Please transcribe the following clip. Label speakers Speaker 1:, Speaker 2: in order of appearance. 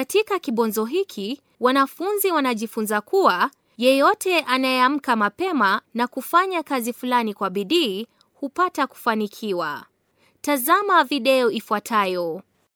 Speaker 1: Katika kibonzo hiki, wanafunzi wanajifunza kuwa yeyote anayeamka mapema na kufanya kazi fulani kwa bidii hupata kufanikiwa. Tazama video ifuatayo.